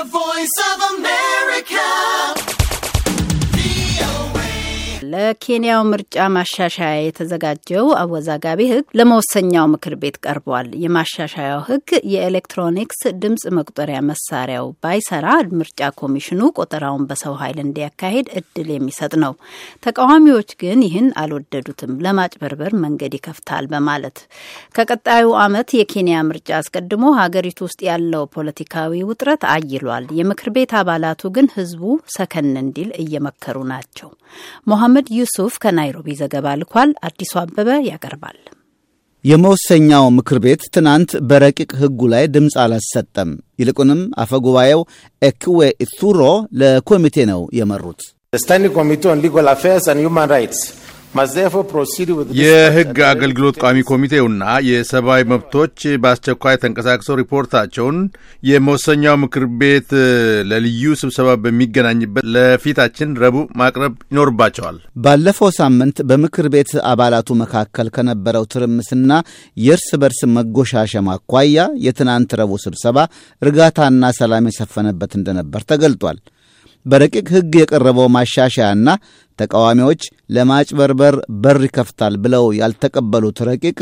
the voice of ለኬንያው ምርጫ ማሻሻያ የተዘጋጀው አወዛጋቢ ህግ ለመወሰኛው ምክር ቤት ቀርቧል። የማሻሻያው ህግ የኤሌክትሮኒክስ ድምፅ መቁጠሪያ መሳሪያው ባይሰራ ምርጫ ኮሚሽኑ ቆጠራውን በሰው ኃይል እንዲያካሂድ እድል የሚሰጥ ነው። ተቃዋሚዎች ግን ይህን አልወደዱትም። ለማጭበርበር መንገድ ይከፍታል በማለት ከቀጣዩ ዓመት የኬንያ ምርጫ አስቀድሞ ሀገሪቱ ውስጥ ያለው ፖለቲካዊ ውጥረት አይሏል። የምክር ቤት አባላቱ ግን ህዝቡ ሰከን እንዲል እየመከሩ ናቸው። ሞሐመድ ዩሱፍ ከናይሮቢ ዘገባ ልኳል። አዲሱ አበበ ያቀርባል። የመወሰኛው ምክር ቤት ትናንት በረቂቅ ሕጉ ላይ ድምፅ አላሰጠም። ይልቁንም አፈ ጉባኤው ኤክዌ ኢቱሮ ለኮሚቴ ነው የመሩት። ስታንዲንግ ኮሚቴ ኦን ሊጋል አፌርስ ሁማን ራይትስ የህግ አገልግሎት ቋሚ ኮሚቴውና የሰብአዊ መብቶች በአስቸኳይ ተንቀሳቅሰው ሪፖርታቸውን የመወሰኛው ምክር ቤት ለልዩ ስብሰባ በሚገናኝበት ለፊታችን ረቡዕ ማቅረብ ይኖርባቸዋል። ባለፈው ሳምንት በምክር ቤት አባላቱ መካከል ከነበረው ትርምስና የእርስ በርስ መጎሻሸም አኳያ የትናንት ረቡዕ ስብሰባ እርጋታና ሰላም የሰፈነበት እንደነበር ተገልጧል። በረቂቅ ህግ የቀረበው ማሻሻያና ተቃዋሚዎች ለማጭበርበር በር ይከፍታል ብለው ያልተቀበሉት ረቂቅ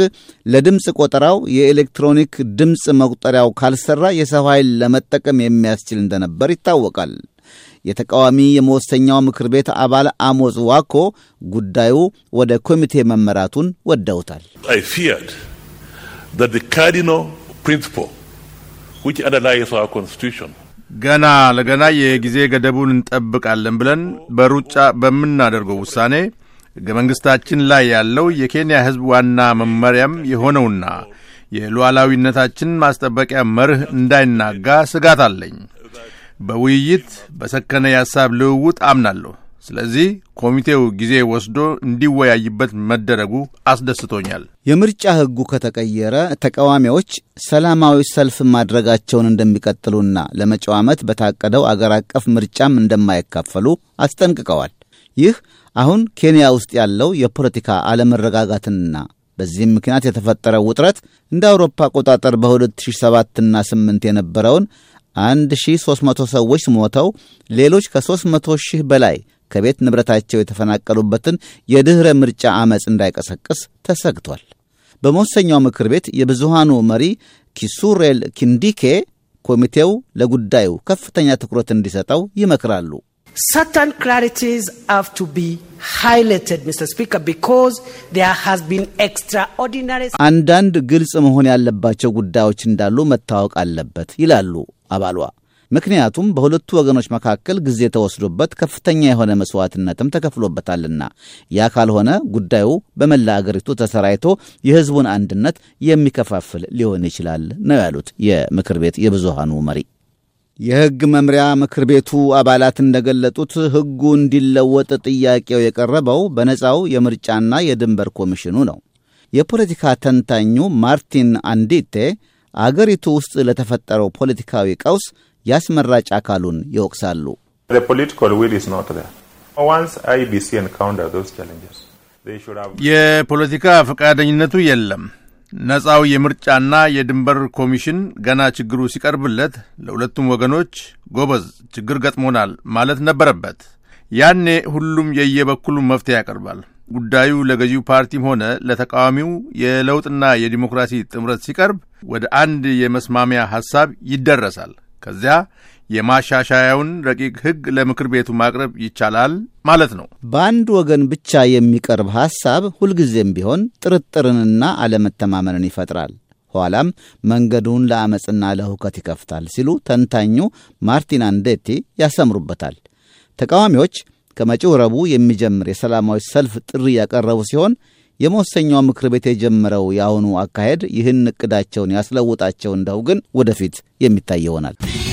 ለድምፅ ቆጠራው የኤሌክትሮኒክ ድምፅ መቁጠሪያው ካልሰራ የሰው ኃይል ለመጠቀም የሚያስችል እንደነበር ይታወቃል። የተቃዋሚ የመወሰኛው ምክር ቤት አባል አሞጽ ዋኮ ጉዳዩ ወደ ኮሚቴ መመራቱን ወደውታል። ኮንስቲቱሽን ገና ለገና የጊዜ ገደቡን እንጠብቃለን ብለን በሩጫ በምናደርገው ውሳኔ ሕገ መንግሥታችን ላይ ያለው የኬንያ ሕዝብ ዋና መመሪያም የሆነውና የሉዓላዊነታችን ማስጠበቂያ መርህ እንዳይናጋ ስጋት አለኝ። በውይይት በሰከነ የሐሳብ ልውውጥ አምናለሁ። ስለዚህ ኮሚቴው ጊዜ ወስዶ እንዲወያይበት መደረጉ አስደስቶኛል። የምርጫ ሕጉ ከተቀየረ ተቃዋሚዎች ሰላማዊ ሰልፍ ማድረጋቸውን እንደሚቀጥሉና ለመጪው ዓመት በታቀደው አገር አቀፍ ምርጫም እንደማይካፈሉ አስጠንቅቀዋል። ይህ አሁን ኬንያ ውስጥ ያለው የፖለቲካ አለመረጋጋትና በዚህም ምክንያት የተፈጠረው ውጥረት እንደ አውሮፓ አቆጣጠር በ2007ና 8 የነበረውን 1300 ሰዎች ሞተው ሌሎች ከ300 ሺህ በላይ ከቤት ንብረታቸው የተፈናቀሉበትን የድኅረ ምርጫ ዐመፅ እንዳይቀሰቅስ ተሰግቷል። በመወሰኛው ምክር ቤት የብዙሃኑ መሪ ኪሱሬል ኪንዲኬ ኮሚቴው ለጉዳዩ ከፍተኛ ትኩረት እንዲሰጠው ይመክራሉ። certain clarities have to be highlighted, Mr. Speaker, because there has been extraordinary... አንዳንድ ግልጽ መሆን ያለባቸው ጉዳዮች እንዳሉ መታወቅ አለበት ይላሉ አባሏ። ምክንያቱም በሁለቱ ወገኖች መካከል ጊዜ ተወስዶበት ከፍተኛ የሆነ መስዋዕትነትም ተከፍሎበታልና። ያ ካልሆነ ጉዳዩ በመላ አገሪቱ ተሰራይቶ የሕዝቡን አንድነት የሚከፋፍል ሊሆን ይችላል ነው ያሉት የምክር ቤት የብዙሃኑ መሪ። የሕግ መምሪያ ምክር ቤቱ አባላት እንደገለጡት ሕጉ እንዲለወጥ ጥያቄው የቀረበው በነፃው የምርጫና የድንበር ኮሚሽኑ ነው። የፖለቲካ ተንታኙ ማርቲን አንዲቴ አገሪቱ ውስጥ ለተፈጠረው ፖለቲካዊ ቀውስ የአስመራጭ አካሉን ይወቅሳሉ። የፖለቲካ ፈቃደኝነቱ የለም። ነፃው የምርጫና የድንበር ኮሚሽን ገና ችግሩ ሲቀርብለት ለሁለቱም ወገኖች ጎበዝ ችግር ገጥሞናል ማለት ነበረበት። ያኔ ሁሉም የየበኩሉ መፍትሄ ያቀርባል። ጉዳዩ ለገዢው ፓርቲም ሆነ ለተቃዋሚው የለውጥና የዲሞክራሲ ጥምረት ሲቀርብ ወደ አንድ የመስማሚያ ሐሳብ ይደረሳል። ከዚያ የማሻሻያውን ረቂቅ ሕግ ለምክር ቤቱ ማቅረብ ይቻላል ማለት ነው። በአንድ ወገን ብቻ የሚቀርብ ሐሳብ ሁልጊዜም ቢሆን ጥርጥርንና አለመተማመንን ይፈጥራል፣ ኋላም መንገዱን ለአመፅና ለሁከት ይከፍታል ሲሉ ተንታኙ ማርቲን አንዴቲ ያሰምሩበታል። ተቃዋሚዎች ከመጪው ረቡዕ የሚጀምር የሰላማዊ ሰልፍ ጥሪ ያቀረቡ ሲሆን የመወሰኛው ምክር ቤት የጀመረው የአሁኑ አካሄድ ይህን እቅዳቸውን ያስለውጣቸው እንደው ግን ወደፊት የሚታይ ይሆናል።